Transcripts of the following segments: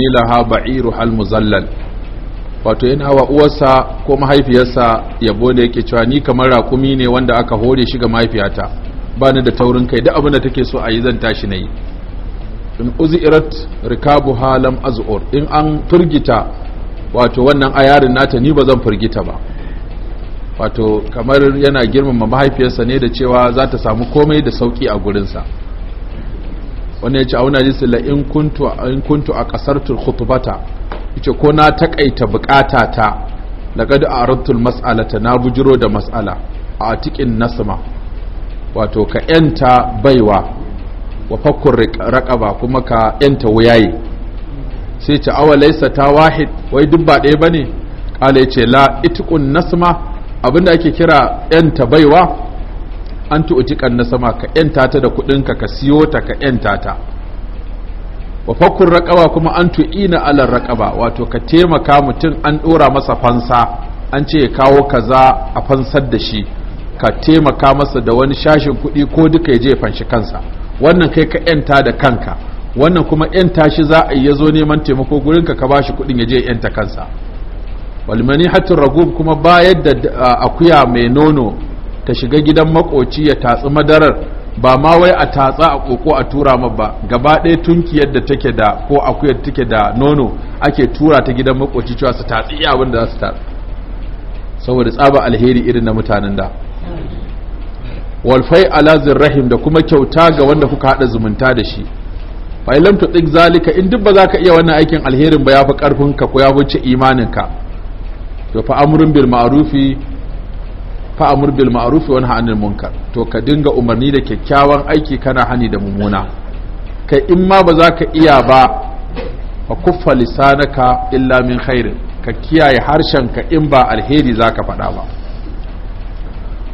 hamilaha ba'iru hal muzallal wato yana wa uwarsa ko mahaifiyarsa yabo da yake cewa ni kamar rakumi ne wanda aka hore shi ga mahaifiyata ba ni da taurin kai duk abin da take so a yi zan tashi na yi in uzirat rikabu halam azur in an firgita wato wannan ayarin nata ni ba zan firgita ba wato kamar yana girmama mahaifiyarsa ne da cewa za ta samu komai da sauki a gurinsa wanda ya ce a wani hadisi in kuntu a kasartul ya ce ko na taƙaita buƙata ta na a aradtu matsalata na bujiro da matsala. a atikin nasma wato ka yanta baiwa wa fakon rakaba kuma ka yanta wuyaye sai ce awa laisa ta wahid wai duk ba ɗaya bane kala yace la itikun nasma abinda ake kira yanta baiwa an tu'tikan na sama ka yanta ta da kuɗinka ka siyo ta ka yanta ta wa fakkun raƙaba kuma an tu'ina alar raƙaba wato ka taimaka mutum an ɗora masa fansa an ce kawo kaza a fansar da shi ka taimaka masa da wani shashin kuɗi ko duka ya je fanshi kansa wannan kai ka yanta da kanka wannan kuma yanta shi za a yi ya zo neman taimako gurin ka ka ba shi kuɗin ya je yanta kansa walmani hatin ragub kuma bayar da akuya mai nono ta shiga gidan makoci ya tatsi madarar ba ma wai a tatsa a koko a tura ma ba gaba ɗaya tunkiyar da take da ko akuyar take da nono ake tura ta gidan makoci cewa su tatsi iya abin da za su tatsi saboda tsaba alheri irin na mutanen da walfai ala rahim da kuma kyauta ga wanda kuka haɗa zumunta da shi fa ilam tutik zalika in duk ba za ka iya wannan aikin alherin ba ya fi karfin ka ko ya wuce imanin ka to fa amrun bil ma'rufi fa'amur bil ma’arufi wani hannun munka munkar to ka dinga umarni da kyakkyawan aiki kana hani da mummuna ka in ma ba za ka iya ba a kuffa lisanaka illa min khairin ka kiyaye harshen ka in ba alheri za ka faɗa ba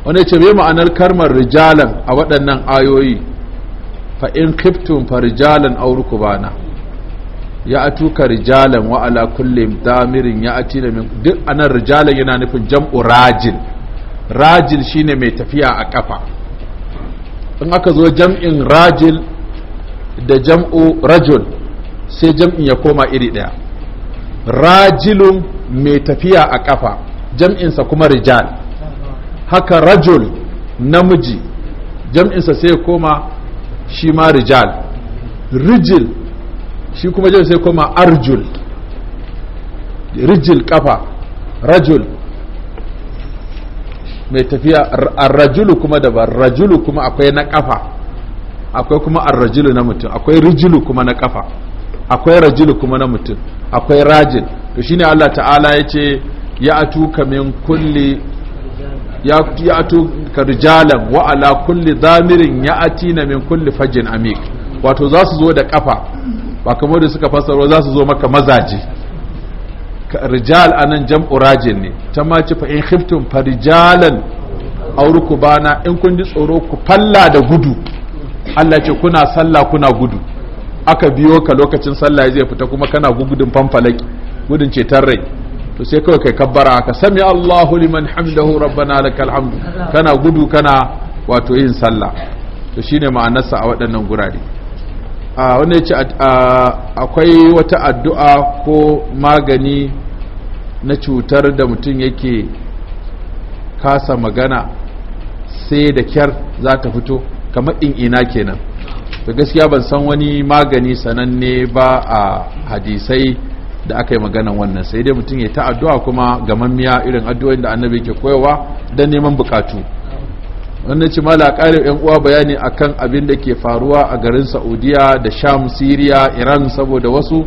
wani ce bai ma'anar karmar rijalan a waɗannan ayoyi fa in kiftun fa rijalan ba na. ya a tuka rijalan wa ala damirin ya atina min duk anan rijalan yana nufin jam'u rajin rajil shine mai tafiya a ƙafa. in aka zo jam'in rajil da jam'u rajul sai jam'in ya koma iri ɗaya rajilun mai tafiya a ƙafa. jam'insa kuma rijal haka rajul namiji jam'insa sai ya koma shi ma rijal rijil shi kuma jam'in sai koma arjul rijil kafa rajul mai tafiya arrajulu kuma daban rajulu kuma akwai na kafa akwai kuma arrajulu na mutum akwai rijulu kuma na kafa akwai rajulu kuma na mutum akwai rajin to shine Allah ta'ala ya ce ya atu min kulli ya atu rijalan wa ala kulli zamirin ya na min kulli fajin amik wato za su zo da kafa ba kamar da suka fasaro za su zo maka mazaji. rijal anan jam'u rajin ne ta ma ci fa in khiftum fa rijalan bana in kun ji tsoro ku falla da gudu Allah ce kuna sallah kuna gudu aka biyo ka lokacin sallah zai fita kuma kana gudun fanfalaki gudun ceton rai to sai kawai kai kabbara ka sami Allahu liman hamdahu rabbana lakal hamdu kana gudu kana wato yin sallah to shine ma'anarsa a waɗannan gurare a wanda yace akwai wata addu'a ko magani na cutar da mutum yake kasa magana sai da kyar za ta fito kamar in ina kenan da gaskiya ban san wani magani sananne ba a hadisai da aka yi maganan wannan sai dai mutum ya ta addu'a kuma gamammiya irin addu'o'in da annabi ke koyawa don neman bukatu wannan ci mala ƙarin yan uwa bayani akan abin da ke faruwa a garin saudiya da sham siriya iran saboda wasu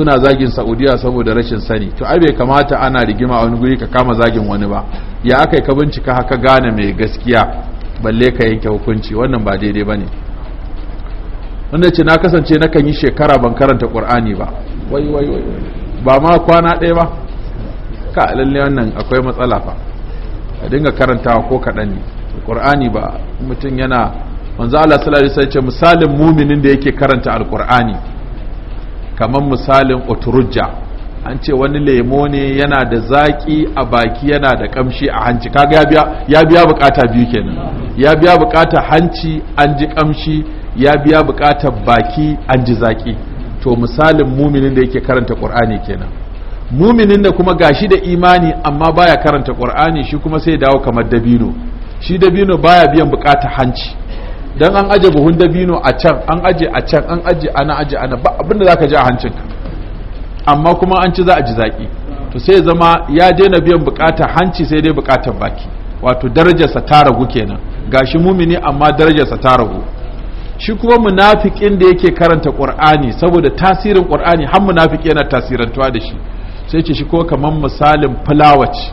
suna zagin saudiya saboda rashin sani to ai bai kamata ana rigima a wani guri ka kama zagin wani ba ya aka yi ka bincika haka gane mai gaskiya balle ka yanke hukunci wannan ba daidai ba ne wanda ce na kasance na kan yi shekara ban karanta ƙur'ani ba wai wai wai ba ma kwana ɗaya ba ka lalle wannan akwai matsala fa a dinga karantawa ko kaɗan ne ƙur'ani ba mutum yana manzo Allah sallallahu alaihi wasallam misalin muminin da yake karanta alƙur'ani kamar misalin oturujja an ce wani lemo ne yana da zaki a baki yana da kamshi a hanci kaga ya biya bukata biyu kenan ya biya bukata hanci an ji kamshi ya biya bukatar baki an ji zaki to misalin muminin da yake karanta qur'ani kenan muminin da kuma gashi da imani amma baya karanta qur'ani shi kuma sai dawo kamar dabino shi dabino baya biyan bukata hanci dan an aje buhun dabino a can an aje a can an aje ana aje ana ba abinda zaka ji a hancinka amma kuma an ci za a ji zaki to sai zama ya daina biyan bukata hanci sai dai bukatar baki wato darajarsa ta ragu kenan gashi mumini amma darajarsa ta ragu shi kuma munafikin da yake karanta qur'ani saboda tasirin qur'ani har munafiki yana tasirantuwa da shi sai ce shi ko kaman misalin fulawa ce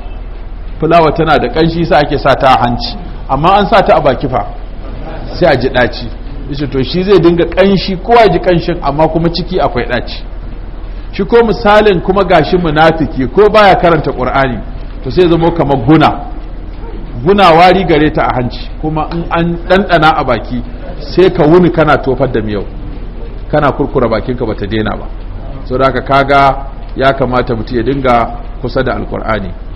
fulawa tana da kanshi sa ake sata hanci amma an sa ta a baki fa sai a ji ɗaci yace to shi zai dinga ƙanshi kowa ji ƙanshin amma kuma ciki akwai ɗaci shi ko misalin kuma gashi munafiki ko baya karanta qur'ani to sai zama kamar guna guna wari gare ta a hanci kuma in an dandana a baki sai ka wuni kana tofar da miyau kana kurkura bakinka bata daina ba saboda haka kaga ya kamata mutum ya dinga kusa da alkur'ani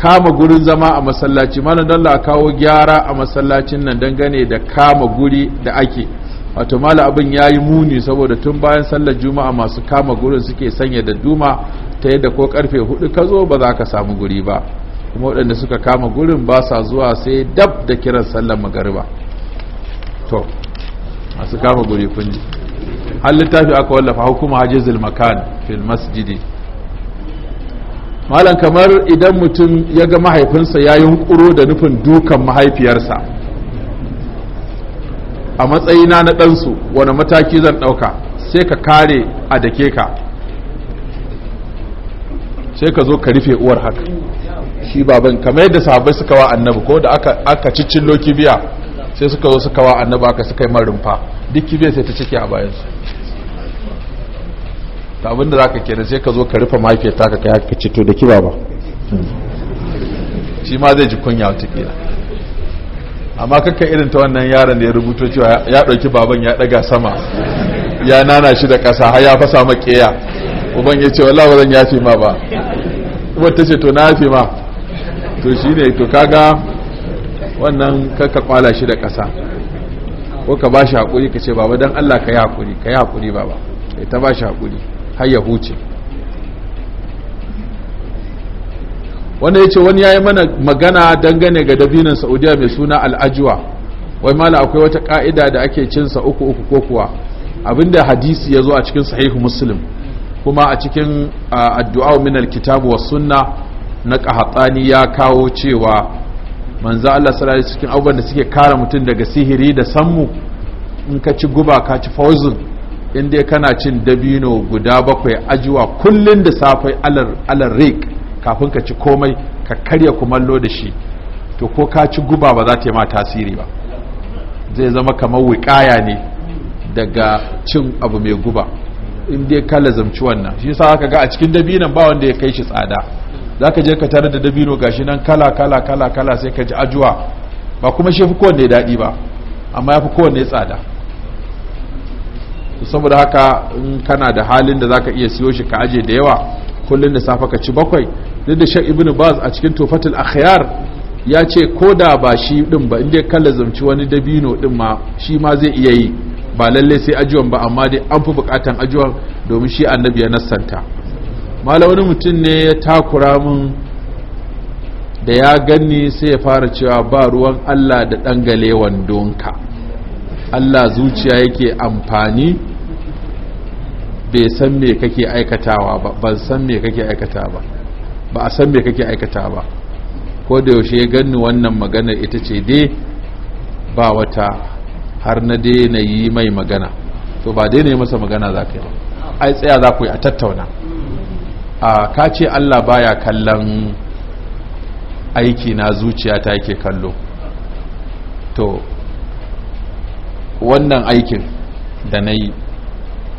kama gurin zama a masallaci malam dalla a kawo gyara a masallacin nan dangane da kama guri da ake wato mala abin ya yi muni saboda tun bayan sallar juma'a masu kama gurin suke sanya da duma ta yadda ko karfe hudu ka zo ba za ka samu guri ba kuma waɗanda suka kama gurin ba sa zuwa sai dab da kiran sallar magariba to masu kama guri kun ji har littafi aka wallafa hukuma hajjizul makan fil masjidi malam kamar idan mutum ya ga mahaifinsa ya yi hukuro da nufin dukan mahaifiyarsa a matsayina na ɗansu wani mataki zan ɗauka sai ka kare a dake ka sai ka zo ka rufe uwar haka shi baban kamar yadda sahabbai suka wa annabi ko da aka aka loki kibiya sai suka zo suka wa annabi aka suka yi marumfa duk kibiyar sai ta cike a bayansu ta abinda za ka kenan sai ka zo ka rufe mahaifiyar ta ka kai haka ce to da kiba ba hmm. shi ma zai ji kunya wata kila amma kakka irin ta wannan yaron da ya rubuto cewa ya ɗauki baban ya ɗaga sama ya nana shi da ƙasa har ya fasa maƙeya uban ya ce wallahi zan fi ma ba wata ce to na fi ma to shi ne to kaga wannan kakka kwala shi da ƙasa ko ka ba shi haƙuri ka ce baba don allah ka yi haƙuri ka yi haƙuri baba ba shi haƙuri har ya huce wanda ya wani ya yi mana magana dangane ga dabinan saudiya mai suna al'ajuwa wai mala akwai wata ka'ida da ake cinsa uku uku ko kuwa abinda hadisi ya zo a cikin sahihu muslim kuma a cikin addu'a min alkitabu wa sunna na kahatsani ya kawo cewa manzo Allah sallallahu alaihi cikin abubuwan da suke kare mutum daga sihiri da sammu in ka ci guba ka ci fawzun in dai kana cin dabino guda bakwai ajiwa kullum da safai alar rik kafin ka ci komai ka karya kumallo da shi to ko ka ci guba ba za ta yi ma tasiri ba zai zama kamar wikaya ne daga cin abu mai guba in dai ka lazamci wannan shi yasa aka ga a cikin dabinon ba wanda ya kai shi tsada za ka je ka tare da dabino ga shi nan kala kala kala kala sai ka ji ajuwa ba kuma shi fi kowanne daɗi ba amma ya fi kowanne tsada saboda haka in kana da halin da zaka iya siyo shi ka aje da yawa kullun da safa ka ci bakwai duk da shan ibnu baz a cikin tufatul akhyar ya ce ko da ba shi din ba inda kalla zamci wani dabino din ma shi ma zai iya yi ba lalle sai ajuwan ba amma dai an fi bukatan ajuwan domin shi annabi ya nassanta mala wani mutum ne ya takura mun da ya ganni sai ya fara cewa ba ruwan Allah da dangalewan wandonka Allah zuciya yake amfani bai san me kake aikatawa ba ban san me kake aikata ba ba a san me kake aikata ba ko da yaushe ya ganni wannan magana ita ce dai ba wata har na daina yi mai magana to ba daina yi masa magana za ka yi ai tsaya za ku yi a tattauna a ka ce allah baya kallon aiki na zuciya ta yake kallo to wannan aikin da na yi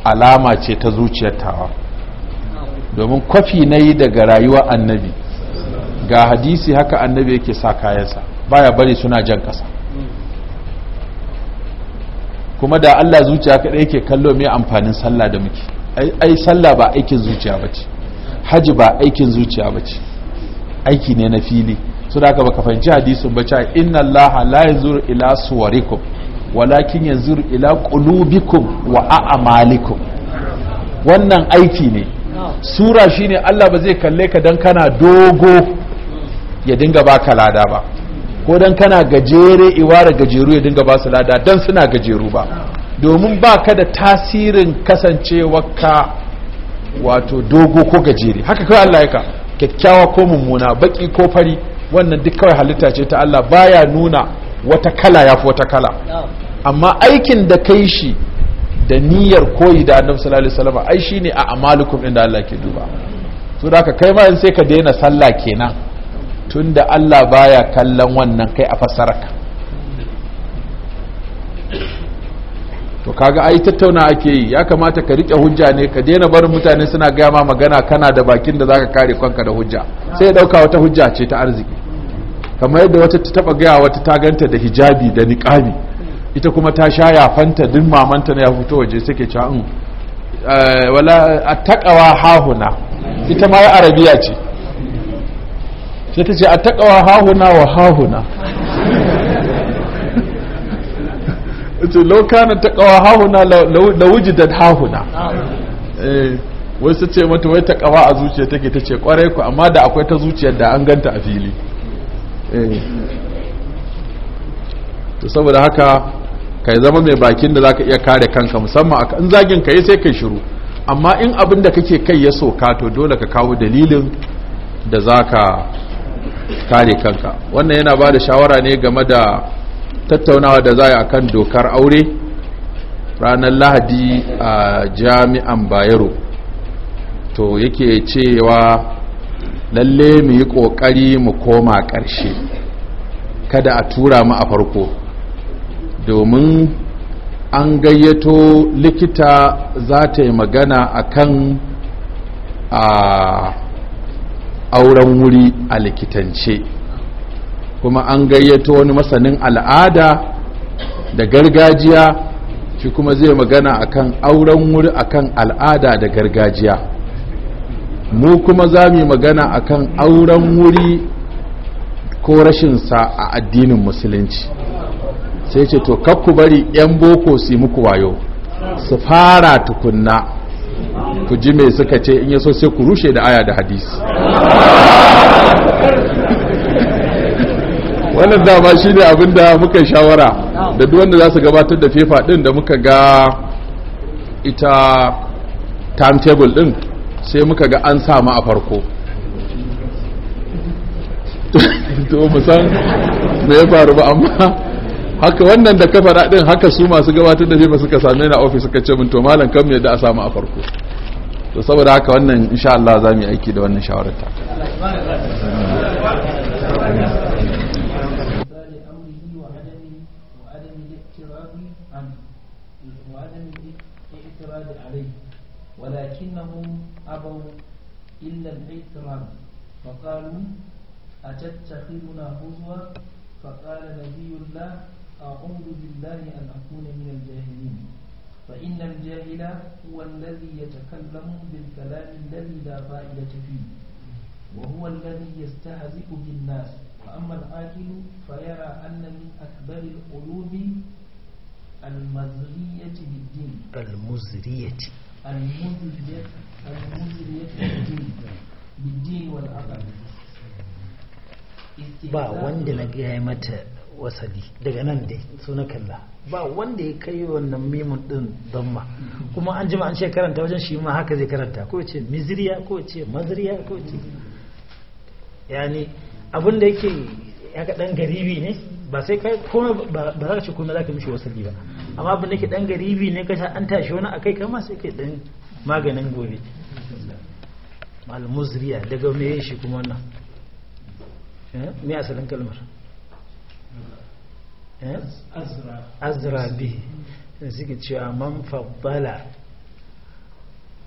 alama ce ta zuciyar tawa domin kwafi na yi daga rayuwar annabi ga hadisi haka annabi yake sa kayansa baya bari suna jan kasa kuma da allah zuciya kaɗai yake kallo mai amfanin sallah da muke ai sallah ba aikin zuciya ba ce hajji ba aikin zuciya ba ce aiki ne na fili su da aka baka fahimci hadisin ba ce inna allaha la ila suwarikum walakin yanzu ila qulubikum wa a'malikum wannan aiki ne sura shine Allah ba zai kalle ka dan kana dogo ya dinga baka lada ba ko dan kana gajere iwara gajeru ya dinga ba su lada dan suna gajeru ba domin baka da tasirin kasancewaka wato dogo ko gajere haka kawai Allah ya ka kyakkyawa ko mummuna baki ko fari wannan duk kawai halitta ce ta Allah baya nuna wata kala ya fi wata kala amma aikin da kai shi da niyyar koyi da annabi sallallahu alaihi wasallam ai shine a amalukum inda Allah ke duba to da kai ma sai ka daina sallah kenan tunda Allah baya kallon wannan kai a ka. to kaga ai tattauna ake yi ya kamata ka rike hujja ne ka daina barin mutane suna gaya ma magana kana da bakin da zaka kare kanka da hujja sai dauka wata hujja ce ta arziki kamar yadda wata ta taba gaya wata ta ganta da hijabi da niqabi ita kuma ta sha yafanta din mamanta na ya fito waje suke cewa in mm, eh, wala attaqawa hahuna ita ma arabiya ce sai ta ce attaqawa hahuna wa hahuna ce lokana taqawa hahuna la wujidat hahuna eh wai su ce mata wai taqawa a zuciya take ta ce kwarai ku amma da akwai ta zuciyar da an ganta a fili eh saboda haka ka zama mai bakin da zaka iya kare kanka musamman in zagin ka yi sai kai shiru amma in abin da kake kai ya soka to dole ka kawo dalilin da zaka kare kanka wannan yana ba da shawara ne game da tattaunawa da za a akan dokar aure ranar lahadi a jami'an bayero to yake cewa lalle mu yi ƙoƙari mu koma ƙarshe kada a tura mu a farko domin an gayyato likita za ta yi magana kan a auren wuri a likitance kuma an gayyato wani masanin al'ada da gargajiya shi kuma zai magana a kan auren wuri a kan al'ada da gargajiya mu kuma za mu yi magana a kan auren wuri ko rashinsa a addinin musulunci sai ce to ku bari 'yan boko su yi muku wayo su fara tukunna ku ji mai suka ce in yaso sai ku rushe da aya da hadisi wannan dama shi ne abinda muka shawara da duk za su gabatar da fefa ɗin da muka ga ita timetable ɗin, sai muka ga an sama a farko to musan mai faru ba amma haka wannan da kafa raɗin haka su masu gabatar da jefa suka same na ofis suka ce min to malam kam yadda a samu a farko to saboda haka wannan insha Allah za mu yi aiki da wannan shawarar ta فقالوا أتتخذنا هزوا فقال نبي الله أعوذ بالله أن أكون من الجاهلين فإن الجاهل هو الذي يتكلم بالكلام الذي لا فائدة فيه وهو الذي يستهزئ بالناس وأما العاقل فيرى أن من أكبر القلوب المزرية بالدين المزرية المزرية المزرية بالدين بالدين والعقل ba wanda na gaya mata wasali daga nan dai suna kalla ba wanda ya kai wannan mimun din damma kuma an jima an ce karanta wajen shi ma haka zai karanta ko ce miziriya ko ce maziriya ko ce yani abin da yake ya dan garibi ne ba sai kai kuma ba za ka ce kuma za ka mishi wasali ba amma abin da yake dan garibi ne kasha an tashi wani akai kama sai kai dan maganin gobe al muziriya daga me shi kuma wannan eh, me asalin kalmar أزرى به زكت شيء أمام فضلا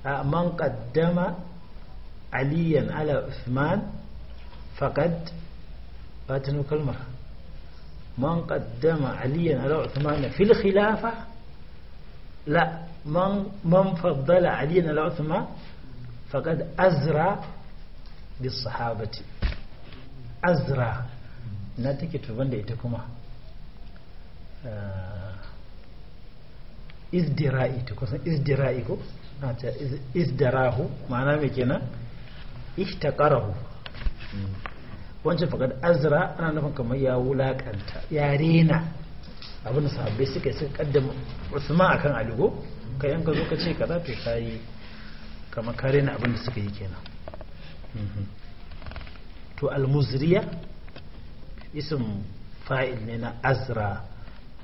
أمام قدم عليا على عثمان فقد باتنو كلمة من قدم عليا على عثمان في الخلافة لا من من فضل عليا على عثمان فقد أزرى بالصحابة أزرى نتيجة تبندي تكما Eh, izdira'i ta kusan izdira'i ko na ce izdarahu ma'ana mai kenan ihtaqarahu hmm. wancan fakad azra ana nufin kamar ya wulakanta ya rena abin da sahabbai suka suka kaddama ma akan aligo ka yanka zo ka ce kaza to kai kamar ka rena abin da suka yi kenan hmm. to almuzriya isim fa'il ne na azra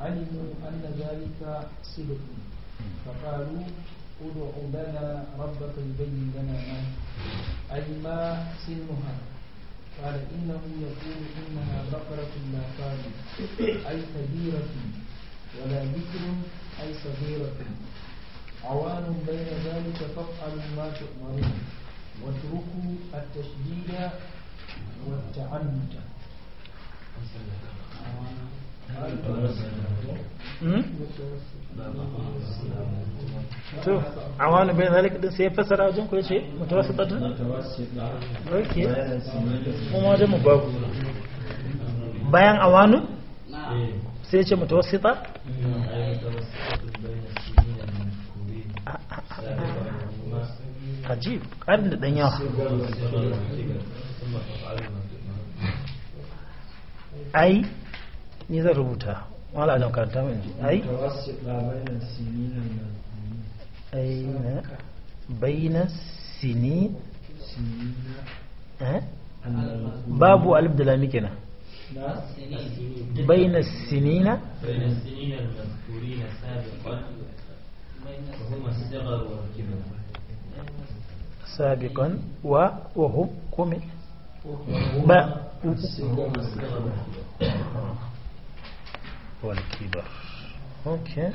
علموا أن ذلك صدق فقالوا ادع لنا ربك يبين لنا ما أي ما سنها قال إنه يقول إنها بقرة لا قالوا أي كبيرة ولا بكر أي صغيرة عوان بين ذلك فافعلوا ما تؤمرون واتركوا التشديد والتعنت. Hmm? to a wani bai zalika din sai fasara wajen ku yace mutawassitatu ok kuma wajen mu babu bayan awanu sai ce yace mutawassita ajib karin da dan yawa ai ماذا ربطها ولا أدعو كانت أي بين السنين بابو ألب دلاميكنا بين السنين بين السنين المذكورين سابقا وهم الصغر والكبر سابقا و وهم كم وهم الصغر والكبر هو الكبر اوكي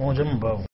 موجة من بابه